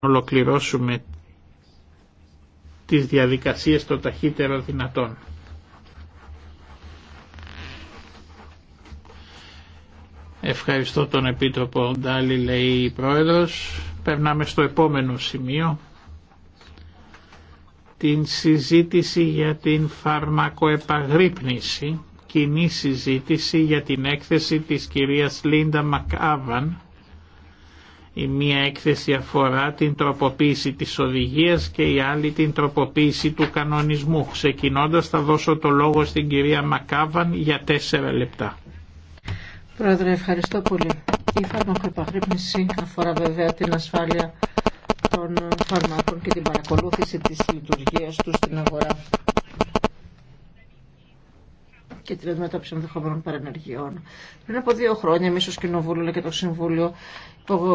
ολοκληρώσουμε τις διαδικασίες το ταχύτερο δυνατόν. Ευχαριστώ τον Επίτροπο Ντάλι, λέει η Πρόεδρος. Περνάμε στο επόμενο σημείο. Την συζήτηση για την φαρμακοεπαγρύπνηση, κοινή συζήτηση για την έκθεση της κυρίας Λίντα Μακάβαν, η μία έκθεση αφορά την τροποποίηση της οδηγίας και η άλλη την τροποποίηση του κανονισμού. Ξεκινώντας θα δώσω το λόγο στην κυρία Μακάβαν για τέσσερα λεπτά. Πρόεδρε, ευχαριστώ πολύ. Η φαρμακοεπαγρύπνηση αφορά βέβαια την ασφάλεια των φαρμάκων και την παρακολούθηση της λειτουργίας του στην αγορά και την αντιμετώπιση δεχομένων παρενεργειών. Πριν από δύο χρόνια, εμεί ω Κοινοβούλιο και το Συμβούλιο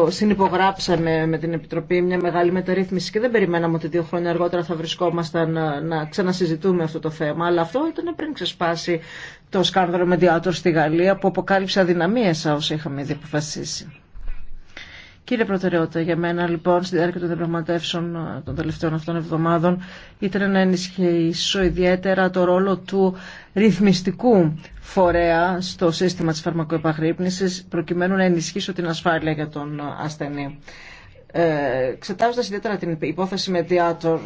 συνυπογράψαμε με την Επιτροπή μια μεγάλη μεταρρύθμιση και δεν περιμέναμε ότι δύο χρόνια αργότερα θα βρισκόμασταν να ξανασυζητούμε αυτό το θέμα. Αλλά αυτό ήταν πριν ξεσπάσει το σκάνδαλο Mediator στη Γαλλία που αποκάλυψε αδυναμίε όσα είχαμε ήδη αποφασίσει. Κύριε προτεραιότητα για μένα λοιπόν στη διάρκεια των διαπραγματεύσεων ε, των τελευταίων αυτών εβδομάδων ήταν να ενισχύσω ιδιαίτερα το ρόλο του ρυθμιστικού φορέα στο σύστημα της φαρμακοεπαγρύπνησης προκειμένου να ενισχύσω την ασφάλεια για τον ε, ασθενή. Ε, Ξετάζοντα ιδιαίτερα την υπόθεση με Mediator,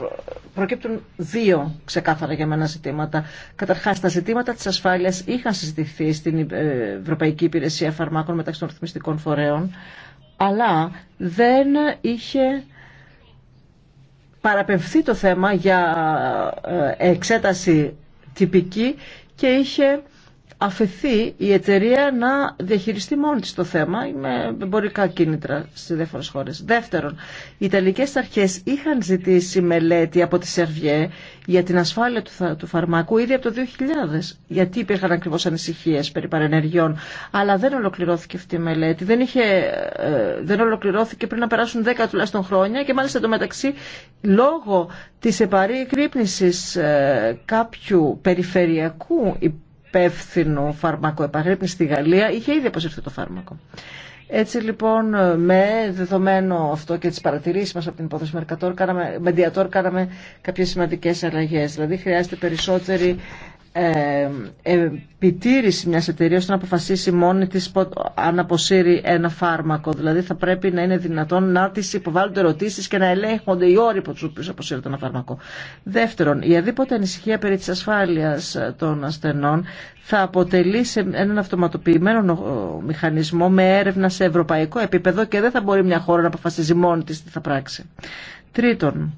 προκύπτουν δύο ξεκάθαρα για μένα ζητήματα. Καταρχά, τα ζητήματα τη ασφάλεια είχαν συζητηθεί στην Ευρωπαϊκή Υπηρεσία Φαρμάκων μεταξύ των ρυθμιστικών φορέων αλλά δεν είχε παραπευθεί το θέμα για ε, εξέταση τυπική και είχε αφαιθεί η εταιρεία να διαχειριστεί μόνη της το θέμα με εμπορικά κίνητρα στις διάφορες χώρες. Δεύτερον, οι Ιταλικές αρχές είχαν ζητήσει μελέτη από τη Σερβιέ για την ασφάλεια του, φαρμάκου ήδη από το 2000. Γιατί υπήρχαν ακριβώς ανησυχίες περί παρενεργειών, αλλά δεν ολοκληρώθηκε αυτή η μελέτη. Δεν, είχε, ε, δεν ολοκληρώθηκε πριν να περάσουν 10 τουλάχιστον χρόνια και μάλιστα το μεταξύ λόγω της επαρή ε, κάποιου περιφερειακού υπεύθυνο φάρμακο στη Γαλλία είχε ήδη αποσυρθεί το φάρμακο. Έτσι λοιπόν με δεδομένο αυτό και τι παρατηρήσει μα από την υπόθεση Μερκατόρ, κάναμε, Μεντιατόρ κάναμε κάποιε σημαντικέ αλλαγέ. Δηλαδή χρειάζεται περισσότερη ε, ε, επιτήρηση μιας εταιρείας να αποφασίσει μόνη της αν αποσύρει ένα φάρμακο. Δηλαδή θα πρέπει να είναι δυνατόν να της υποβάλλονται ερωτήσεις και να ελέγχονται οι όροι που τους οποίους αποσύρεται ένα φάρμακο. Δεύτερον, η αδίποτε ανησυχία περί της ασφάλειας των ασθενών θα αποτελεί σε έναν αυτοματοποιημένο μηχανισμό με έρευνα σε ευρωπαϊκό επίπεδο και δεν θα μπορεί μια χώρα να αποφασίζει μόνη της τι θα πράξει. Τρίτον,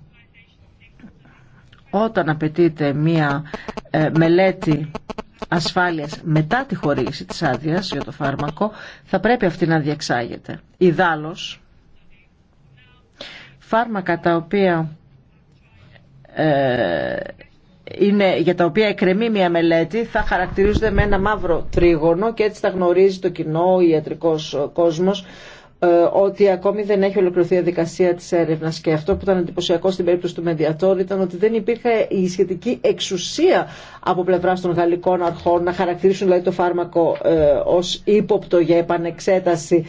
όταν απαιτείται μία ε, μελέτη ασφάλειας μετά τη χορήγηση της άδειας για το φάρμακο θα πρέπει αυτή να διεξάγεται. Ιδάλλως, φάρμακα τα οποία ε, είναι, για τα οποία εκκρεμεί μια μελέτη θα χαρακτηρίζονται με ένα μαύρο τρίγωνο και έτσι θα γνωρίζει το κοινό, ο ιατρικός κόσμος ε, ότι ακόμη δεν έχει ολοκληρωθεί η διαδικασία της έρευνας και αυτό που ήταν εντυπωσιακό στην περίπτωση του Μεντιατόρ ήταν ότι δεν υπήρχε η σχετική εξουσία από πλευράς των γαλλικών αρχών να χαρακτηρίσουν δηλαδή, το φάρμακο ε, ως ύποπτο για επανεξέταση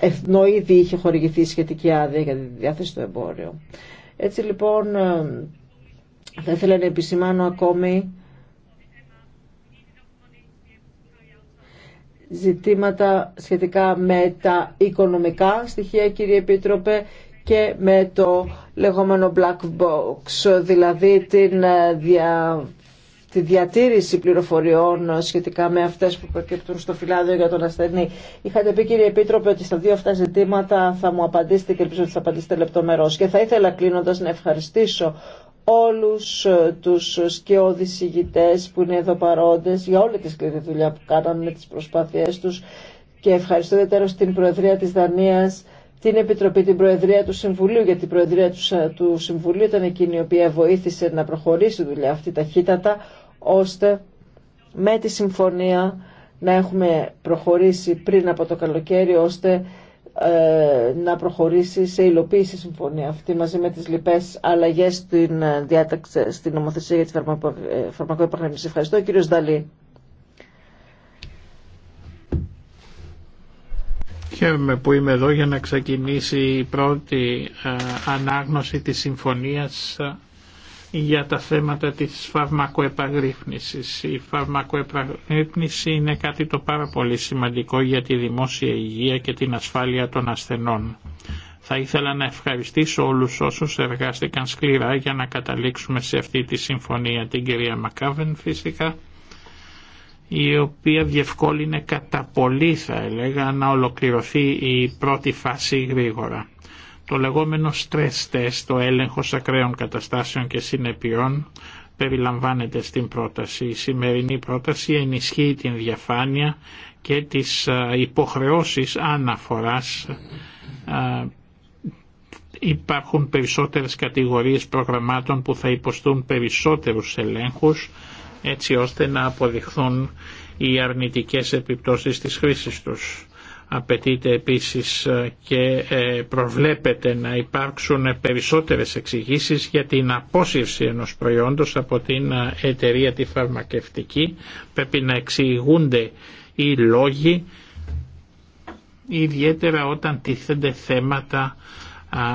ενώ ήδη είχε χορηγηθεί η σχετική άδεια για τη διάθεση του εμπόριο. Έτσι λοιπόν ε, θα ήθελα να επισημάνω ακόμη ζητήματα σχετικά με τα οικονομικά στοιχεία, κύριε Επίτροπε, και με το λεγόμενο black box, δηλαδή την ε, τη διατήρηση πληροφοριών σχετικά με αυτές που προκύπτουν στο φυλάδιο για τον ασθενή. Είχατε πει κύριε Επίτροπε ότι στα δύο αυτά ζητήματα θα μου απαντήσετε και ελπίζω ότι θα απαντήσετε λεπτομερώς. Και θα ήθελα κλείνοντας να ευχαριστήσω όλους ε, τους σκιώδεις ηγητές που είναι εδώ παρόντες για όλη τη σκληρή δουλειά που κάνανε τις προσπάθειές τους και ευχαριστώ ιδιαίτερα στην Προεδρία της Δανίας την Επιτροπή, την Προεδρία του Συμβουλίου, γιατί η Προεδρία του, Συμβουλίου ήταν εκείνη η οποία βοήθησε να προχωρήσει η δουλειά αυτή ταχύτατα, ώστε με τη συμφωνία να έχουμε προχωρήσει πριν από το καλοκαίρι, ώστε ε, να προχωρήσει σε υλοποίηση συμφωνία αυτή μαζί με τις λοιπές αλλαγές στην, ε, διάταξη, στην νομοθεσία για τη ε, φαρμακοεπαγνήμιση. Ευχαριστώ κύριος Δαλή. Χαίρομαι που είμαι εδώ για να ξεκινήσει η πρώτη ανάγνωση της συμφωνίας για τα θέματα της φαρμακοεπαγρύπνησης. Η φαρμακοεπαγρύπνηση είναι κάτι το πάρα πολύ σημαντικό για τη δημόσια υγεία και την ασφάλεια των ασθενών. Θα ήθελα να ευχαριστήσω όλους όσους εργάστηκαν σκληρά για να καταλήξουμε σε αυτή τη συμφωνία την κυρία Μακάβεν φυσικά η οποία διευκόλυνε κατά πολύ θα έλεγα να ολοκληρωθεί η πρώτη φάση γρήγορα. Το λεγόμενο stress test, το έλεγχος ακραίων καταστάσεων και συνεπειών, περιλαμβάνεται στην πρόταση. Η σημερινή πρόταση ενισχύει την διαφάνεια και τις υποχρεώσεις αναφοράς. Υπάρχουν περισσότερες κατηγορίες προγραμμάτων που θα υποστούν περισσότερους ελέγχους έτσι ώστε να αποδειχθούν οι αρνητικές επιπτώσεις της χρήσης τους. Απαιτείται επίσης ε, και ε, προβλέπεται να υπάρξουν περισσότερες εξηγήσεις για την απόσυρση ενός προϊόντος από την ε, εταιρεία τη φαρμακευτική. Πρέπει να εξηγούνται οι λόγοι, ιδιαίτερα όταν τίθενται θέματα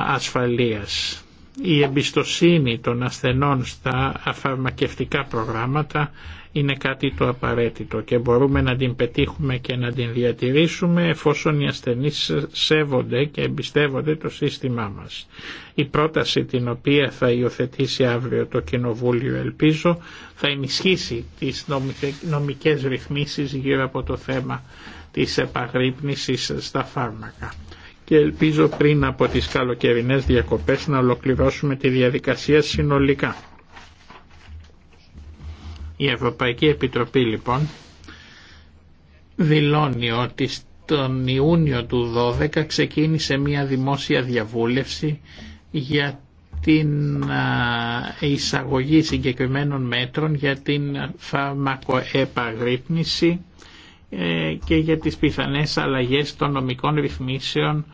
ασφαλείας. Η εμπιστοσύνη των ασθενών στα φαρμακευτικά προγράμματα είναι κάτι το απαραίτητο και μπορούμε να την πετύχουμε και να την διατηρήσουμε εφόσον οι ασθενείς σέβονται και εμπιστεύονται το σύστημά μας. Η πρόταση την οποία θα υιοθετήσει αύριο το Κοινοβούλιο ελπίζω θα ενισχύσει τις νομικές ρυθμίσεις γύρω από το θέμα της επαγρύπνησης στα φάρμακα και ελπίζω πριν από τις καλοκαιρινές διακοπές να ολοκληρώσουμε τη διαδικασία συνολικά. Η Ευρωπαϊκή Επιτροπή λοιπόν δηλώνει ότι στον Ιούνιο του 12 ξεκίνησε μια δημόσια διαβούλευση για την εισαγωγή συγκεκριμένων μέτρων για την φαρμακοεπαγρύπνηση ε, και για τις πιθανές αλλαγές των νομικών ρυθμίσεων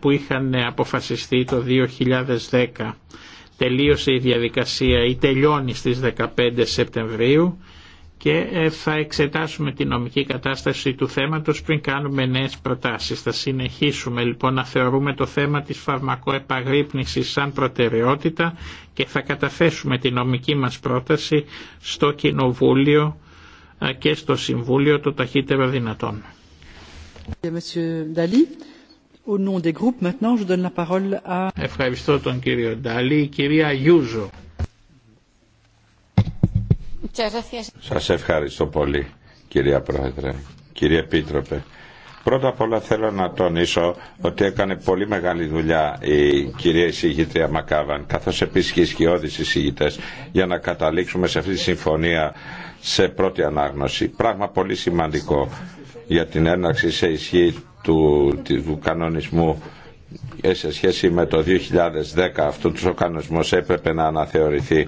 που είχαν αποφασιστεί το 2010 τελείωσε η διαδικασία ή τελειώνει στις 15 Σεπτεμβρίου και ε, θα εξετάσουμε την νομική κατάσταση του θέματος πριν κάνουμε νέες προτάσεις. Θα συνεχίσουμε λοιπόν να θεωρούμε το θέμα της φαρμακοεπαγρύπνησης σαν προτεραιότητα και θα καταθέσουμε την νομική μας πρόταση στο Κοινοβούλιο ε, και στο Συμβούλιο το ταχύτερο δυνατόν. Ευχαριστώ τον κύριο Ντάλι. κυρία Γιούζο. Σας ευχαριστώ πολύ κυρία Πρόεδρε, κύριε Επίτροπε. Πρώτα απ' όλα θέλω να τονίσω ότι έκανε πολύ μεγάλη δουλειά η κυρία εισηγήτρια Μακάβαν, καθώς επίσης και οι σκιώδεις εισηγητές, για να καταλήξουμε σε αυτή τη συμφωνία σε πρώτη ανάγνωση. Πράγμα πολύ σημαντικό για την έναρξη σε ισχύ του, του κανονισμού ε, σε σχέση με το 2010 αυτό ο κανονισμός έπρεπε να αναθεωρηθεί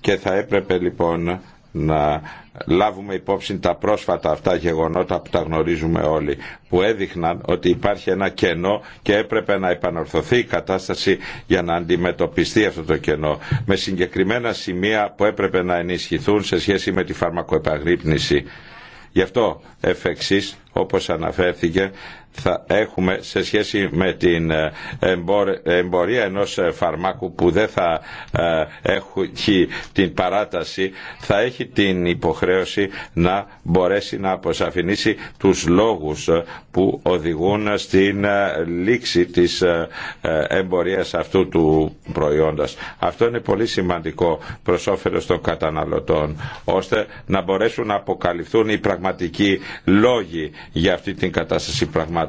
και θα έπρεπε λοιπόν να λάβουμε υπόψη τα πρόσφατα αυτά γεγονότα που τα γνωρίζουμε όλοι που έδειχναν ότι υπάρχει ένα κενό και έπρεπε να επανορθωθεί η κατάσταση για να αντιμετωπιστεί αυτό το κενό με συγκεκριμένα σημεία που έπρεπε να ενισχυθούν σε σχέση με τη φαρμακοεπαγρύπνηση. Γι' αυτό εφ' εξής, όπως αναφέρθηκε θα έχουμε σε σχέση με την ε, εμπορία ενός ε, φαρμάκου που δεν θα ε, έχει την παράταση θα έχει την υποχρέωση να μπορέσει να αποσαφηνίσει τους λόγους που οδηγούν στην λήξη της εμπορίας αυτού του προϊόντος. Αυτό είναι πολύ σημαντικό προς όφελος των καταναλωτών ώστε να μπορέσουν να αποκαλυφθούν οι πραγματικοί λόγοι για αυτή την κατάσταση πραγματικότητα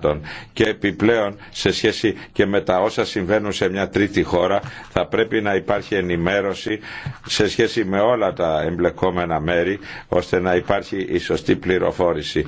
και επιπλέον σε σχέση και με τα όσα συμβαίνουν σε μια τρίτη χώρα θα πρέπει να υπάρχει ενημέρωση σε σχέση με όλα τα εμπλεκόμενα μέρη ώστε να υπάρχει η σωστή πληροφόρηση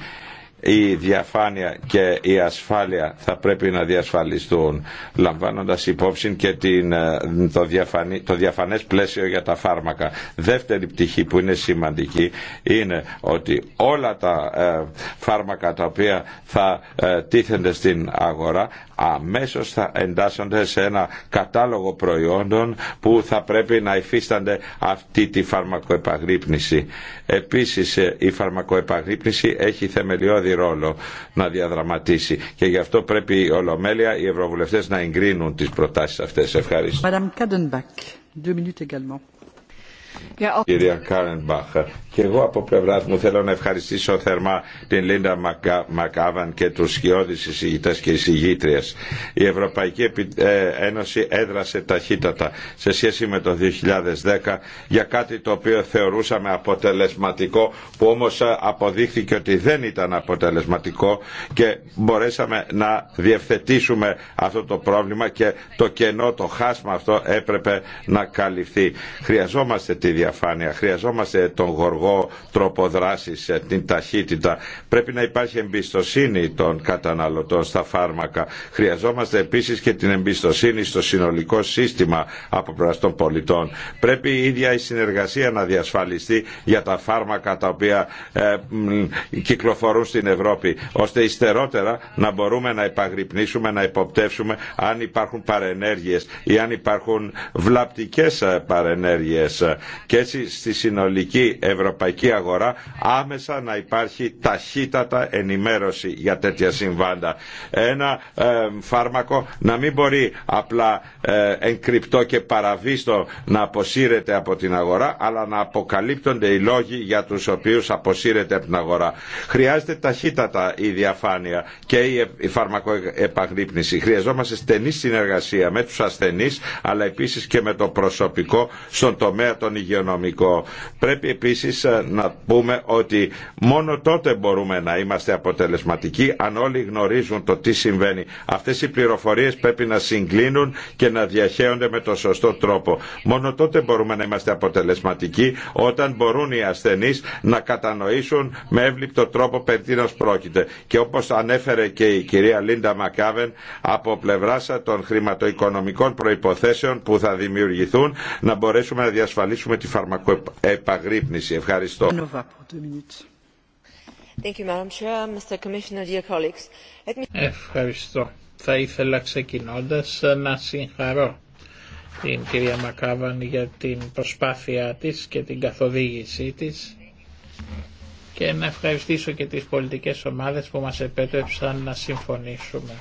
η διαφάνεια και η ασφάλεια θα πρέπει να διασφαλιστούν λαμβάνοντας υπόψη και την, ε, το, διαφανή, το διαφανές πλαίσιο για τα φάρμακα. Δεύτερη πτυχή που είναι σημαντική είναι ότι όλα τα ε, φάρμακα τα οποία θα ε, τίθενται στην αγορά αμέσως θα εντάσσονται σε ένα κατάλογο προϊόντων που θα πρέπει να υφίστανται αυτή τη φαρμακοεπαγρύπνηση. Επίσης ε, η φαρμακοεπαγρύπνηση έχει θεμελιώδη ρόλο να διαδραματίσει και γι' αυτό πρέπει η Ολομέλεια, οι Ευρωβουλευτές να εγκρίνουν τις προτάσεις αυτές. Ευχαριστώ. Κυρία Κάρενμπαχ, και εγώ από πλευρά μου θέλω να ευχαριστήσω θερμά την Λίντα Μακάβαν και τους σκιώδεις εισηγητέ και εισηγήτριε. Η Ευρωπαϊκή ε, Ένωση έδρασε ταχύτατα σε σχέση με το 2010 για κάτι το οποίο θεωρούσαμε αποτελεσματικό που όμως ε, αποδείχθηκε ότι δεν ήταν αποτελεσματικό και μπορέσαμε να διευθετήσουμε αυτό το πρόβλημα και το κενό, το χάσμα αυτό έπρεπε να καλυφθεί. Χρειαζόμαστε τη διαφάνεια. Χρειαζόμαστε τον γοργό τρόπο δράση, ε, την ταχύτητα. Πρέπει να υπάρχει εμπιστοσύνη των καταναλωτών στα φάρμακα. Χρειαζόμαστε επίση και την εμπιστοσύνη στο συνολικό σύστημα από πλευρά των πολιτών. Πρέπει η ίδια η συνεργασία να διασφαλιστεί για τα φάρμακα τα οποία ε, κυκλοφορούν στην Ευρώπη, ώστε υστερότερα να μπορούμε να επαγρυπνήσουμε, να υποπτεύσουμε αν υπάρχουν παρενέργειες ή αν υπάρχουν βλαπτικές ε, παρενέργειες και έτσι στη συνολική ευρωπαϊκή αγορά άμεσα να υπάρχει ταχύτατα ενημέρωση για τέτοια συμβάντα. Ένα ε, φάρμακο να μην μπορεί απλά ε, και παραβίστο να αποσύρεται από την αγορά αλλά να αποκαλύπτονται οι λόγοι για τους οποίους αποσύρεται από την αγορά. Χρειάζεται ταχύτατα η διαφάνεια και η φαρμακοεπαγρύπνηση. Χρειαζόμαστε στενή συνεργασία με τους ασθενείς αλλά επίσης και με το προσωπικό στον τομέα των υγειονομικό. Πρέπει επίσης ε, να πούμε ότι μόνο τότε μπορούμε να είμαστε αποτελεσματικοί αν όλοι γνωρίζουν το τι συμβαίνει. Αυτές οι πληροφορίες πρέπει να συγκλίνουν και να διαχέονται με το σωστό τρόπο. Μόνο τότε μπορούμε να είμαστε αποτελεσματικοί όταν μπορούν οι ασθενείς να κατανοήσουν με εύληπτο τρόπο περί πρόκειται. Και όπως ανέφερε και η κυρία Λίντα Μακάβεν από πλευρά των χρηματοοικονομικών προϋποθέσεων που θα δημιουργηθούν να μπορέσουμε να διασφαλίσουμε τη φαρμακοεπαγρύπνηση. Ευχαριστώ. Ευχαριστώ. Θα ήθελα ξεκινώντας να συγχαρώ την κυρία Μακάβαν για την προσπάθειά της και την καθοδήγησή της και να ευχαριστήσω και τις πολιτικές ομάδες που μας επέτρεψαν να συμφωνήσουμε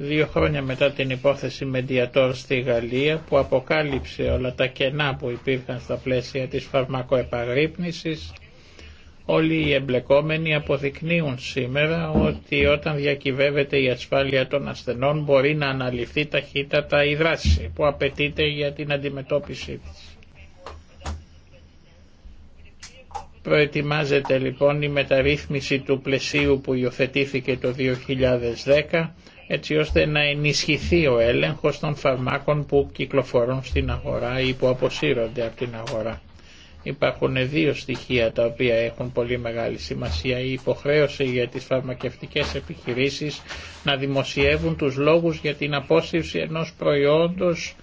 δύο χρόνια μετά την υπόθεση Μεντιατόρ στη Γαλλία που αποκάλυψε όλα τα κενά που υπήρχαν στα πλαίσια της φαρμακοεπαγρύπνησης όλοι οι εμπλεκόμενοι αποδεικνύουν σήμερα ότι όταν διακυβεύεται η ασφάλεια των ασθενών μπορεί να αναλυθεί ταχύτατα η δράση που απαιτείται για την αντιμετώπιση της. Προετοιμάζεται λοιπόν η μεταρρύθμιση του πλαισίου που υιοθετήθηκε το 2010 έτσι ώστε να ενισχυθεί ο έλεγχος των φαρμάκων που κυκλοφορούν στην αγορά ή που αποσύρονται από την αγορά. Υπάρχουν δύο στοιχεία τα οποία έχουν πολύ μεγάλη σημασία. Η υποχρέωση για τις φαρμακευτικές επιχειρήσεις να δημοσιεύουν τους λόγους για την απόσυρση ενός προϊόντος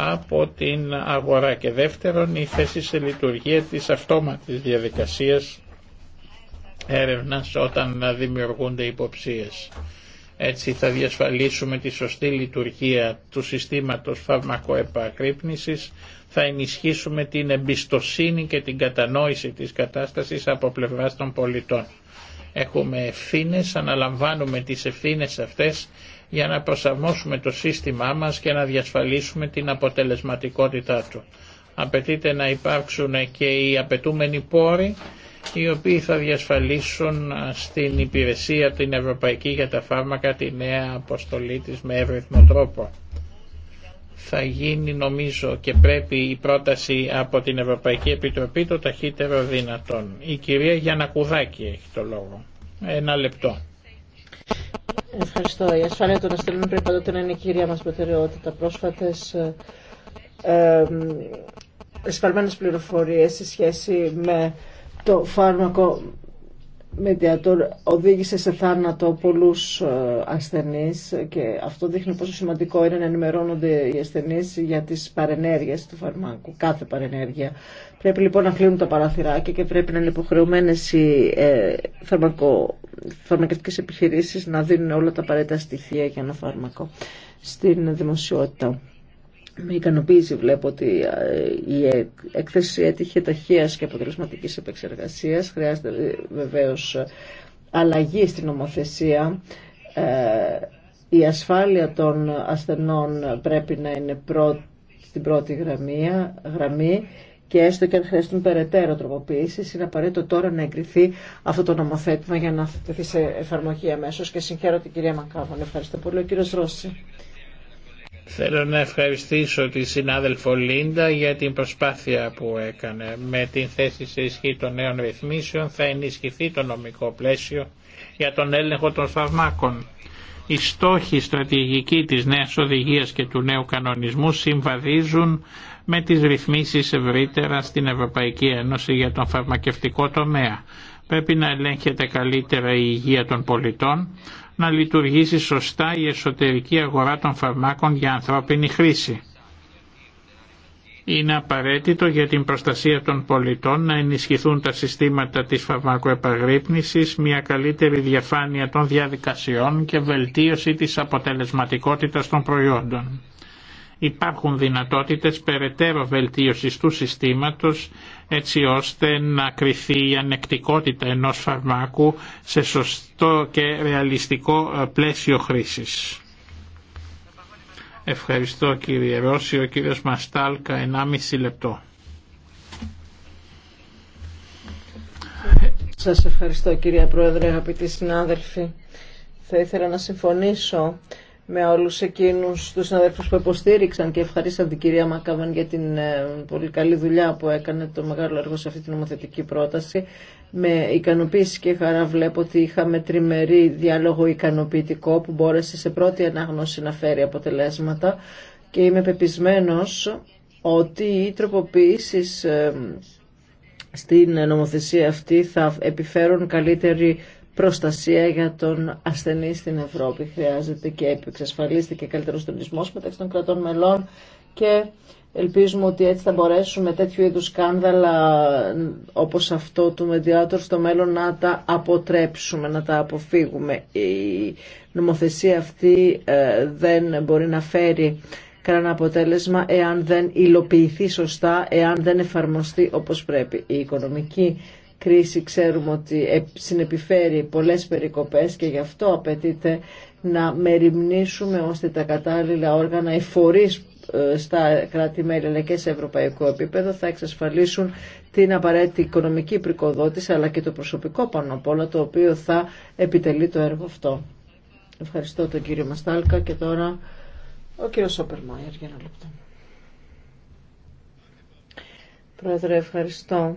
από την αγορά και δεύτερον η θέση σε λειτουργία της αυτόματης διαδικασίας έρευνας όταν δημιουργούνται υποψίες. Έτσι θα διασφαλίσουμε τη σωστή λειτουργία του συστήματος φαρμακοεπακρύπνησης, θα ενισχύσουμε την εμπιστοσύνη και την κατανόηση της κατάστασης από πλευράς των πολιτών. Έχουμε ευθύνε, αναλαμβάνουμε τις ευθύνε αυτές για να προσαρμόσουμε το σύστημά μας και να διασφαλίσουμε την αποτελεσματικότητά του. Απαιτείται να υπάρξουν και οι απαιτούμενοι πόροι οι οποίοι θα διασφαλίσουν στην υπηρεσία την Ευρωπαϊκή για τα φάρμακα τη νέα αποστολή της με εύρυθμο τρόπο. Θα γίνει νομίζω και πρέπει η πρόταση από την Ευρωπαϊκή Επιτροπή το ταχύτερο δυνατόν. Η κυρία Γιανακουδάκη έχει το λόγο. Ένα λεπτό. Ευχαριστώ. Η ασφάλεια των ασθενών πρέπει πάντοτε να είναι η κυρία μας προτεραιότητα. Πρόσφατες ε, πληροφορίε πληροφορίες σε σχέση με το φάρμακο Μεντιατόρ οδήγησε σε θάνατο πολλού ε, ασθενεί και αυτό δείχνει πόσο σημαντικό είναι να ενημερώνονται οι ασθενεί για τις παρενέργειες του φαρμάκου, κάθε παρενέργεια. Πρέπει λοιπόν να κλείνουν τα παραθυράκια και πρέπει να είναι υποχρεωμένε οι ε, φαρμακο, φαρμακευτικές επιχειρήσεις να δίνουν όλα τα απαραίτητα στοιχεία για ένα φάρμακο στην δημοσιότητα. Με ικανοποίηση βλέπω ότι η έκθεση έτυχε ταχείας και αποτελεσματικής επεξεργασίας. Χρειάζεται ε, βεβαίως αλλαγή στην νομοθεσία. Ε, η ασφάλεια των ασθενών πρέπει να είναι στην πρώτη γραμμή και έστω και αν χρειαστούν περαιτέρω τροποποίηση, είναι απαραίτητο τώρα να εγκριθεί αυτό το νομοθέτημα για να θεθεί σε εφαρμογή αμέσω. Και συγχαίρω την κυρία Μακάβων. Ευχαριστώ πολύ. Ο κύριο Ρώση. Θέλω να ευχαριστήσω τη συνάδελφο Λίντα για την προσπάθεια που έκανε. Με την θέση σε ισχύ των νέων ρυθμίσεων θα ενισχυθεί το νομικό πλαίσιο για τον έλεγχο των φαρμάκων. Οι στόχοι στρατηγική της νέας οδηγίας και του νέου κανονισμού συμβαδίζουν με τις ρυθμίσεις ευρύτερα στην Ευρωπαϊκή Ένωση για τον φαρμακευτικό τομέα. Πρέπει να ελέγχεται καλύτερα η υγεία των πολιτών, να λειτουργήσει σωστά η εσωτερική αγορά των φαρμάκων για ανθρώπινη χρήση. Είναι απαραίτητο για την προστασία των πολιτών να ενισχυθούν τα συστήματα της φαρμακοεπαγρύπνησης, μια καλύτερη διαφάνεια των διαδικασιών και βελτίωση της αποτελεσματικότητας των προϊόντων υπάρχουν δυνατότητες περαιτέρω βελτίωσης του συστήματος έτσι ώστε να κριθεί η ανεκτικότητα ενός φαρμάκου σε σωστό και ρεαλιστικό ε, πλαίσιο χρήσης. Ευχαριστώ κύριε Ρώση. Ο κύριος Μαστάλκα, 1,5 λεπτό. Σας ευχαριστώ κύριε Πρόεδρε, αγαπητοί συνάδελφοι. Θα ήθελα να συμφωνήσω με όλους εκείνους τους συναδέλφους που υποστήριξαν και ευχαρίσαν την κυρία Μακάβαν για την ε, πολύ καλή δουλειά που έκανε το μεγάλο έργο σε αυτή την νομοθετική πρόταση. Με ικανοποίηση και χαρά βλέπω ότι είχαμε τριμερή διάλογο ικανοποιητικό που μπόρεσε σε πρώτη ανάγνωση να φέρει αποτελέσματα και είμαι πεπισμένο ότι οι τροποποιήσεις ε, στην νομοθεσία αυτή θα επιφέρουν καλύτερη προστασία για τον ασθενή στην Ευρώπη. Χρειάζεται και εξασφαλίστηκε καλύτερο τονισμό μεταξύ των κρατών μελών και ελπίζουμε ότι έτσι θα μπορέσουμε τέτοιου είδους σκάνδαλα όπως αυτό του Μεντιάτορ στο μέλλον να τα αποτρέψουμε, να τα αποφύγουμε. Η νομοθεσία αυτή ε, δεν μπορεί να φέρει κανένα αποτέλεσμα εάν δεν υλοποιηθεί σωστά, εάν δεν εφαρμοστεί όπως πρέπει. Η οικονομική κρίση ξέρουμε ότι ε, συνεπιφέρει πολλές περικοπές και γι' αυτό απαιτείται να μεριμνήσουμε ώστε τα κατάλληλα όργανα, οι φορείς ε, στα κράτη-μέλη αλλά και σε ευρωπαϊκό επίπεδο θα εξασφαλίσουν την απαραίτητη οικονομική πρικοδότηση αλλά και το προσωπικό πάνω απ' όλα το οποίο θα επιτελεί το έργο αυτό. Ευχαριστώ τον κύριο Μαστάλκα και τώρα ο κύριος Σόπερ Μάιερ για ένα λεπτό. Πρόεδρε, ευχαριστώ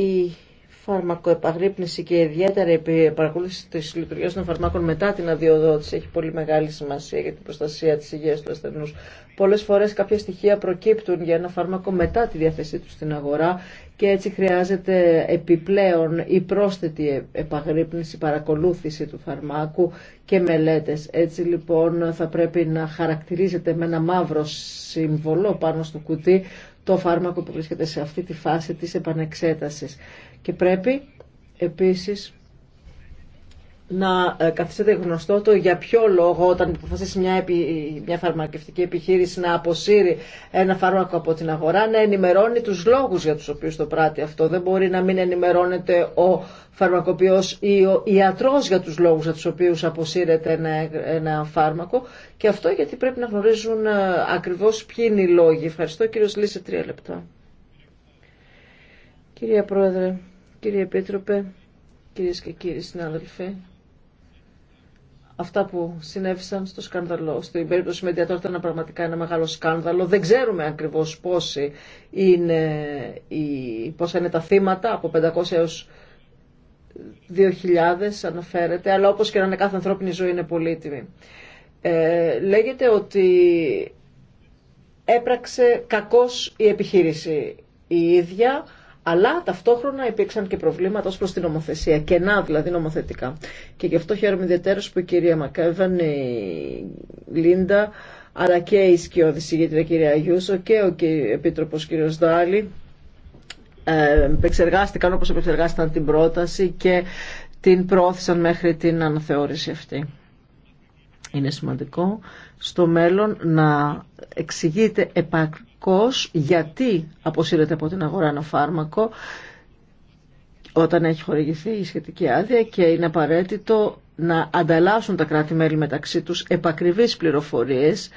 η φαρμακοεπαγρύπνηση και ιδιαίτερα η παρακολούθηση της λειτουργίας των φαρμάκων μετά την αδειοδότηση έχει πολύ μεγάλη σημασία για την προστασία της υγείας του ασθενούς. Πολλές φορές κάποια στοιχεία προκύπτουν για ένα φάρμακο μετά τη διάθεσή του στην αγορά και έτσι χρειάζεται επιπλέον η πρόσθετη επαγρύπνηση, παρακολούθηση του φαρμάκου και μελέτες. Έτσι λοιπόν θα πρέπει να χαρακτηρίζεται με ένα μαύρο συμβολό πάνω στο κουτί το φάρμακο που βρίσκεται σε αυτή τη φάση της επανεξέτασης. Και πρέπει επίσης να ε, καθίσετε γνωστό το για ποιο λόγο όταν αποφασίσει μια, επι... μια φαρμακευτική επιχείρηση να αποσύρει ένα φάρμακο από την αγορά να ενημερώνει τους λόγους για τους οποίους το πράττει αυτό. Δεν μπορεί να μην ενημερώνεται ο φαρμακοποιός ή ο ιατρός για τους λόγους για τους οποίους αποσύρεται ένα, ένα φάρμακο και αυτό γιατί πρέπει να γνωρίζουν ε, ακριβώς ποιοι είναι οι λόγοι. Ευχαριστώ κύριος Λύση, τρία λεπτά. Κύριε Πρόεδρε, κύριε Επίτροπε, κυρίες και κύριοι συνάδελφοι, αυτά που συνέβησαν στο σκάνδαλο. Στην περίπτωση με τώρα ήταν πραγματικά ένα μεγάλο σκάνδαλο. Δεν ξέρουμε ακριβώς πόσοι είναι, πόσα είναι τα θύματα, από 500 έως 2.000 αναφέρεται, αλλά όπως και να είναι κάθε ανθρώπινη ζωή είναι πολύτιμη. Ε, λέγεται ότι έπραξε κακώς η επιχείρηση η ίδια, αλλά ταυτόχρονα υπήρξαν και προβλήματα ως προς την νομοθεσία, κενά δηλαδή νομοθετικά. Και γι' αυτό χαίρομαι ιδιαίτερως που η κυρία Μακέβαν, η Λίντα, αλλά και η σκιώδη συγγήτρια κυρία Αγιούσο και ο επίτροπος κύριος Δάλη ε, επεξεργάστηκαν όπως επεξεργάστηκαν την πρόταση και την προώθησαν μέχρι την αναθεώρηση αυτή. Είναι σημαντικό στο μέλλον να εξηγείται γιατί αποσύρεται από την αγορά ένα φάρμακο όταν έχει χορηγηθεί η σχετική άδεια και είναι απαραίτητο να ανταλλάσσουν τα κράτη-μέλη μεταξύ τους επακριβείς πληροφορίες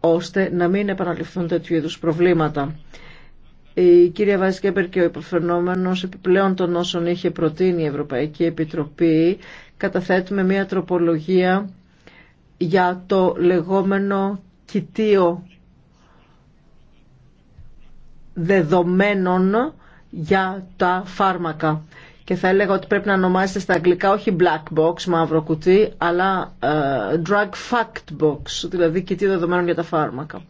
ώστε να μην επαναληφθούν τέτοιου είδους προβλήματα. Η κυρία Κέμπερ και ο υποφαινόμενος επιπλέον των όσων είχε προτείνει η Ευρωπαϊκή Επιτροπή καταθέτουμε μια τροπολογία για το λεγόμενο κοιτίο δεδομένων για τα φάρμακα. Και θα έλεγα ότι πρέπει να ονομάζεται στα αγγλικά όχι black box, μαύρο κουτί, αλλά ε, drug fact box, δηλαδή κοιτή δεδομένων για τα φάρμακα.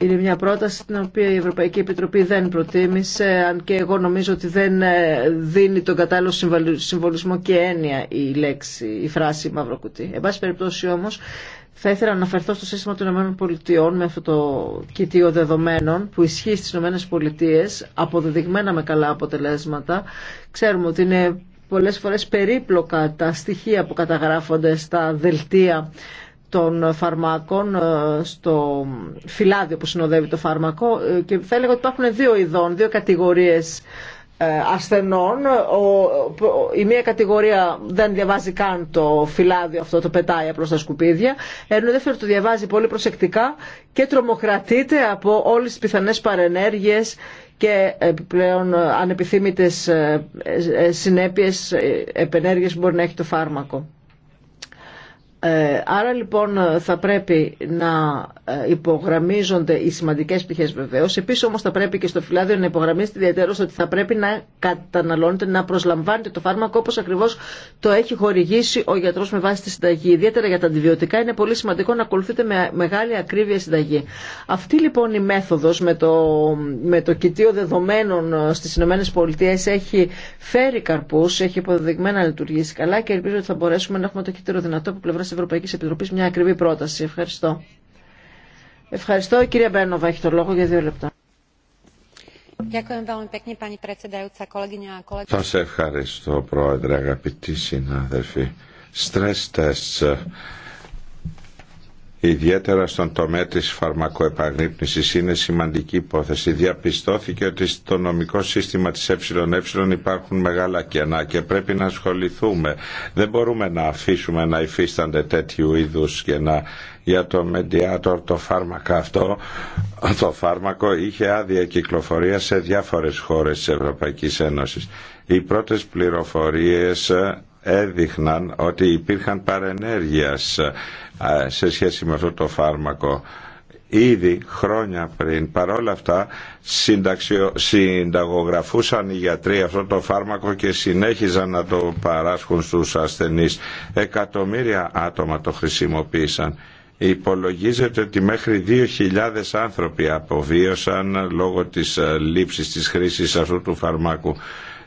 Είναι μια πρόταση την οποία η Ευρωπαϊκή Επιτροπή δεν προτίμησε, αν και εγώ νομίζω ότι δεν ε, δίνει τον κατάλληλο συμβολισμό και έννοια η λέξη, η φράση μαύρο κουτί. Εν πάση περιπτώσει όμως θα ήθελα να αναφερθώ στο σύστημα των ΗΠΑ με αυτό το κοιτίο δεδομένων που ισχύει στις ΗΠΑ, αποδεδειγμένα με καλά αποτελέσματα. Ξέρουμε ότι είναι πολλές φορές περίπλοκα τα στοιχεία που καταγράφονται στα δελτία των φαρμάκων ε, στο φυλάδιο που συνοδεύει το φάρμακο ε, και θα έλεγα ότι υπάρχουν δύο ειδών, δύο κατηγορίες ε, ασθενών. η μία κατηγορία δεν διαβάζει καν το φυλάδιο αυτό, το πετάει απλώς στα σκουπίδια. Ενώ η το διαβάζει πολύ προσεκτικά και τρομοκρατείται από όλες τις πιθανές παρενέργειες και επιπλέον ανεπιθύμητες ε, ε, συνέπειες, επενέργειες που μπορεί να έχει το φάρμακο. Ε, άρα λοιπόν θα πρέπει να ε, υπογραμμίζονται οι σημαντικές πτυχές βεβαίως. Επίσης όμως θα πρέπει και στο φυλάδιο να υπογραμμίζεται ιδιαίτερως ότι θα πρέπει να καταναλώνετε, να προσλαμβάνετε το φάρμακο όπως ακριβώς το έχει χορηγήσει ο γιατρός με βάση τη συνταγή. Ιδιαίτερα για τα αντιβιωτικά είναι πολύ σημαντικό να ακολουθείτε με μεγάλη ακρίβεια συνταγή. Αυτή λοιπόν η μέθοδος με το, με το κοιτίο δεδομένων ε, στις ΗΠΑ έχει φέρει καρπού, έχει υποδεδειγμένα λειτουργήσει καλά και ελπίζω ότι θα μπορέσουμε να έχουμε το κύτταρο δυνατό από πλευρά της Ευρωπαϊκής Επιτροπής μια ακριβή πρόταση. Ευχαριστώ. Ευχαριστώ. Η κυρία Μπένοβα έχει το λόγο για δύο λεπτά. Σας ευχαριστώ πρόεδρε αγαπητοί συνάδελφοι. Stress tests ιδιαίτερα στον τομέα της φαρμακοεπαγνύπνησης είναι σημαντική υπόθεση. Διαπιστώθηκε ότι στο νομικό σύστημα της ΕΕ υπάρχουν μεγάλα κενά και πρέπει να ασχοληθούμε. Δεν μπορούμε να αφήσουμε να υφίστανται τέτοιου είδους κενά. Για το Μεντιάτορ το φάρμακο αυτό, το φάρμακο είχε άδεια κυκλοφορία σε διάφορες χώρες της Ευρωπαϊκής Ένωσης. Οι πρώτες πληροφορίες έδειχναν ότι υπήρχαν παρενέργειας ε, σε σχέση με αυτό το φάρμακο ήδη χρόνια πριν. Παρόλα αυτά συνταξιο... συνταγογραφούσαν οι γιατροί αυτό το φάρμακο και συνέχιζαν να το παράσχουν στους ασθενείς. Εκατομμύρια άτομα το χρησιμοποίησαν. Υπολογίζεται ότι μέχρι 2.000 άνθρωποι αποβίωσαν λόγω της ε, λήψης της χρήσης αυτού του φαρμάκου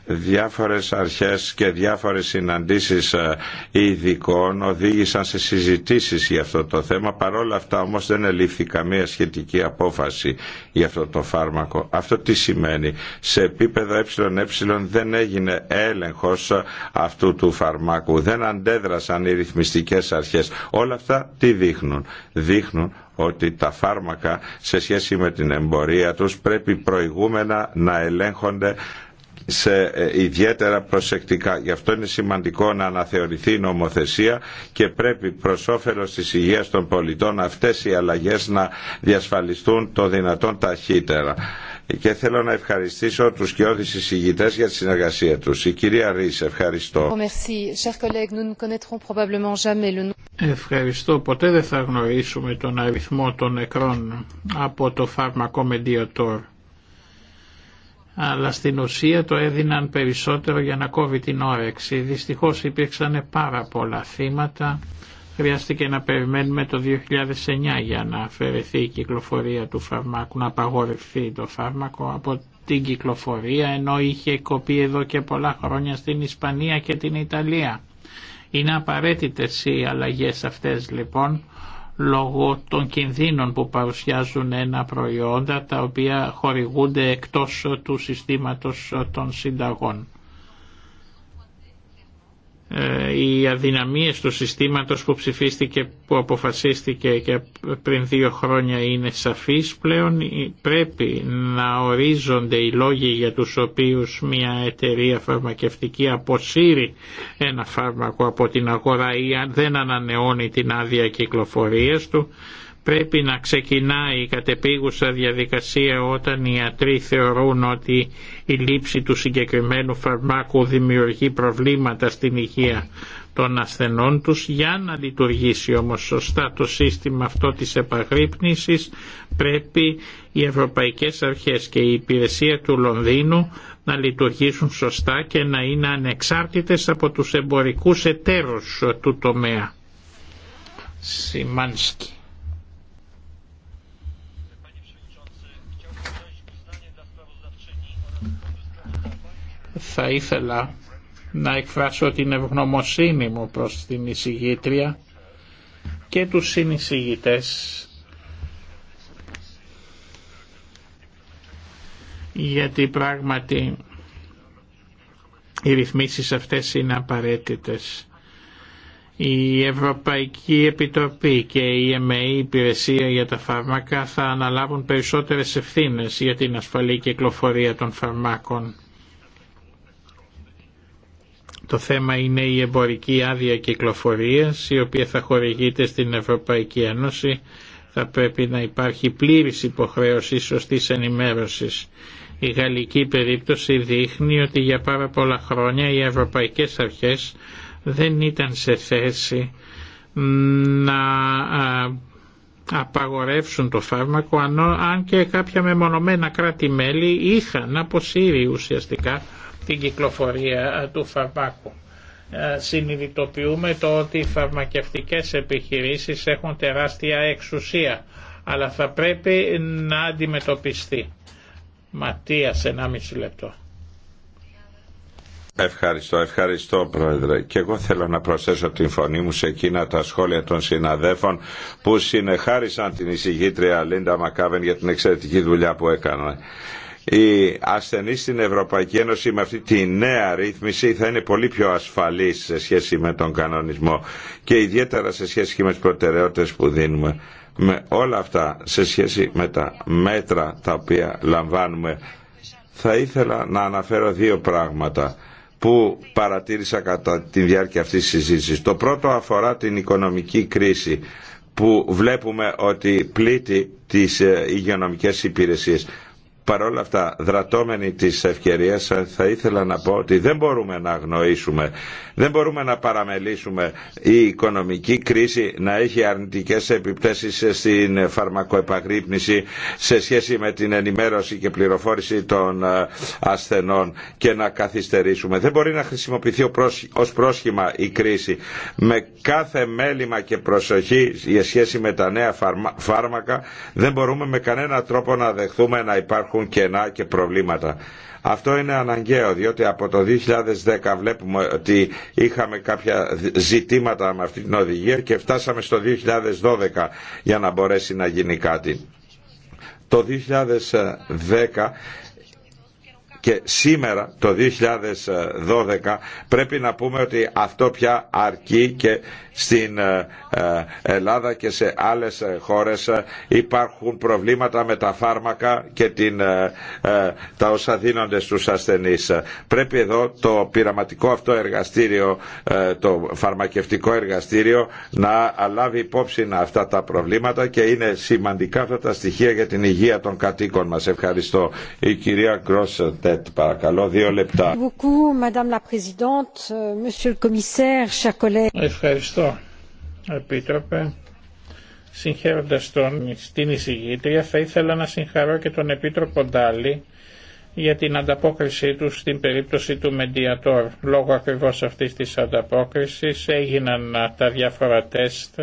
διάφορες αρχές και διάφορες συναντήσεις ε, ειδικών οδήγησαν σε συζητήσεις για αυτό το θέμα. Παρόλα αυτά όμως δεν ελήφθη καμία σχετική απόφαση για αυτό το φάρμακο. Αυτό τι σημαίνει. Σε επίπεδο ΕΕ δεν έγινε έλεγχος ε, αυτού του φαρμάκου. Δεν αντέδρασαν οι ρυθμιστικές αρχές. Όλα αυτά τι δείχνουν. Δείχνουν ότι τα φάρμακα σε σχέση με την εμπορία τους πρέπει προηγούμενα να ελέγχονται σε ε, ιδιαίτερα προσεκτικά. Γι' αυτό είναι σημαντικό να αναθεωρηθεί η νομοθεσία και πρέπει προ όφελο τη υγεία των πολιτών αυτέ οι αλλαγέ να διασφαλιστούν το δυνατόν ταχύτερα. Και θέλω να ευχαριστήσω του κοιόδης εισηγητέ για τη συνεργασία του. Η κυρία Ρή, ευχαριστώ. Oh, ευχαριστώ. Ποτέ δεν θα γνωρίσουμε τον αριθμό των νεκρών από το φάρμακο Mediator αλλά στην ουσία το έδιναν περισσότερο για να κόβει την όρεξη. Δυστυχώς υπήρξαν πάρα πολλά θύματα. Χρειάστηκε να περιμένουμε το 2009 για να αφαιρεθεί η κυκλοφορία του φαρμάκου, να απαγορευτεί το φάρμακο από την κυκλοφορία, ενώ είχε κοπεί εδώ και πολλά χρόνια στην Ισπανία και την Ιταλία. Είναι απαραίτητες οι αλλαγές αυτές λοιπόν λόγω των κινδύνων που παρουσιάζουν ένα προϊόντα τα οποία χορηγούνται εκτός του συστήματος των συνταγών. Ε, οι αδυναμίες του συστήματος που ψηφίστηκε, που αποφασίστηκε και πριν δύο χρόνια είναι σαφής πλέον ε, πρέπει να ορίζονται οι λόγοι για τους οποίους μια εταιρεία φαρμακευτική αποσύρει ένα φάρμακο από την αγορά ή δεν ανανεώνει την άδεια κυκλοφορίας του πρέπει να ξεκινάει η κατεπίγουσα διαδικασία όταν οι ιατροί θεωρούν ότι η λήψη του συγκεκριμένου φαρμάκου δημιουργεί προβλήματα στην υγεία των ασθενών τους για να λειτουργήσει όμως σωστά το σύστημα αυτό της επαγρύπνησης πρέπει οι ευρωπαϊκές αρχές και η υπηρεσία του Λονδίνου να λειτουργήσουν σωστά και να είναι ανεξάρτητες από τους εμπορικούς εταίρους του τομέα. Θα ήθελα να εκφράσω την ευγνωμοσύνη μου προς την εισηγήτρια και τους συνεισηγητές γιατί πράγματι οι ρυθμίσεις αυτές είναι απαραίτητες. Η Ευρωπαϊκή Επιτροπή και η ΕΜΕΗ Υπηρεσία για τα Φάρμακα θα αναλάβουν περισσότερες ευθύνες για την ασφαλή κυκλοφορία των φαρμάκων. Το θέμα είναι η εμπορική άδεια κυκλοφορίας η οποία θα χορηγείται στην Ευρωπαϊκή Ένωση. Θα πρέπει να υπάρχει πλήρης υποχρέωση σωστής ενημέρωσης. Η γαλλική περίπτωση δείχνει ότι για πάρα πολλά χρόνια οι ευρωπαϊκές αρχές δεν ήταν σε θέση να απαγορεύσουν το φάρμακο αν και κάποια μεμονωμένα κράτη-μέλη είχαν αποσύρει ουσιαστικά την κυκλοφορία ε, του φαρμάκου. Ε, συνειδητοποιούμε το ότι οι φαρμακευτικές επιχειρήσεις έχουν τεράστια εξουσία, αλλά θα πρέπει να αντιμετωπιστεί. Ματίας, μισή λεπτό. Ευχαριστώ, ευχαριστώ Πρόεδρε. Και εγώ θέλω να προσθέσω την φωνή μου σε εκείνα τα σχόλια των συναδέφων που συνεχάρισαν την εισηγήτρια Λίντα Μακάβεν για την εξαιρετική δουλειά που έκανα οι ασθενείς στην Ευρωπαϊκή Ένωση με αυτή τη νέα ρύθμιση θα είναι πολύ πιο ασφαλείς σε σχέση με τον κανονισμό και ιδιαίτερα σε σχέση και με τις προτεραιότητες που δίνουμε. Με όλα αυτά σε σχέση με τα μέτρα τα οποία λαμβάνουμε θα ήθελα να αναφέρω δύο πράγματα που παρατήρησα κατά τη διάρκεια αυτής της συζήτησης. Το πρώτο αφορά την οικονομική κρίση που βλέπουμε ότι πλήττει τις ε, υγειονομικές υπηρεσίες. Παρ' όλα αυτά, δρατώμενοι της ευκαιρίας, θα ήθελα να πω ότι δεν μπορούμε να αγνοήσουμε, δεν μπορούμε να παραμελήσουμε η οικονομική κρίση να έχει αρνητικές επιπτώσεις στην φαρμακοεπαγρύπνηση σε σχέση με την ενημέρωση και πληροφόρηση των ε, ασθενών και να καθυστερήσουμε. Δεν μπορεί να χρησιμοποιηθεί ως πρόσχημα η κρίση. Με κάθε μέλημα και προσοχή σε σχέση με τα νέα φάρμακα δεν μπορούμε με κανένα τρόπο να δεχθούμε να υπάρχουν υπάρχουν κενά και προβλήματα. Αυτό είναι αναγκαίο διότι από το 2010 βλέπουμε ότι είχαμε κάποια ζητήματα με αυτή την οδηγία και φτάσαμε στο 2012 για να μπορέσει να γίνει κάτι. Το 2010 και σήμερα το 2012 πρέπει να πούμε ότι αυτό πια αρκεί και στην ε, ε, Ελλάδα και σε άλλες ε, χώρες υπάρχουν προβλήματα με τα φάρμακα και την, τα όσα δίνονται στους ασθενείς. Πρέπει εδώ το πειραματικό αυτό εργαστήριο, το φαρμακευτικό εργαστήριο να λάβει υπόψη αυτά τα προβλήματα και είναι σημαντικά αυτά τα στοιχεία για την υγεία των κατοίκων μας. Ευχαριστώ. Η κυρία Γκρόσετ, παρακαλώ, δύο λεπτά. Euh, Ευχαριστώ. Επίτροπε, συγχαίροντας τον στην εισηγήτρια, θα ήθελα να συγχαρώ και τον Επίτροπο Ντάλι για την ανταπόκρισή του στην περίπτωση του Μεντιατόρ. Λόγω ακριβώς αυτής της ανταπόκρισης έγιναν τα διάφορα τεστ